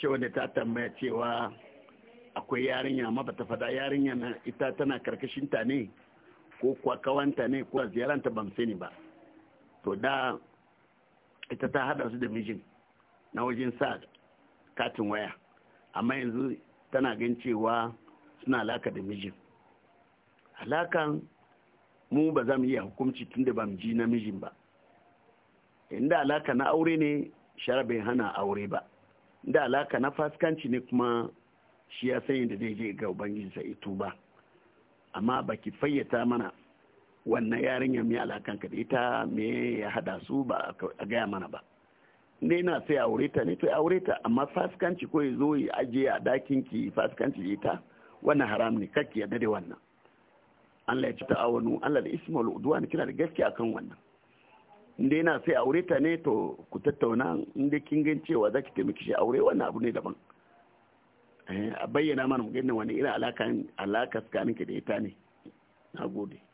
shi wanda ta tambaya cewa akwai yarinya amma bata fada yarinya na ita tana karkashin ta ne ko kwakawanta ne ko ziyaranta ban sani ba to da ita ta hada su da mijin na wajen sa katin waya amma yanzu tana gan cewa suna alaka da mijin alakan mu ba za mu iya hukunci tunda ba mu ji namijin ba inda alaka na aure ne sharabin hana aure ba da alaka na faskanci ne kuma shi ya san da zai je ga ubangijinsa ya tuba amma baki fayyata mana wannan yarinyar mai alakan ka da ita me ya hada su ba a gaya mana ba ne na sai aure ta ne to aure ta amma faskanci ko ya zo yi aje a dakin ki faskanci ita wannan haram ne kakki ya dade wannan Allah ya ci ta'awanu Allah da isma'il, udwan kina da gaskiya kan wannan inda yana sai aure ta ne to ku tattauna inda kin gan cewa za ki taimaki shi aure wannan abu ne daban eh, a bayyana mana mu gani wani irin alaka alaka ki da ita ne na gode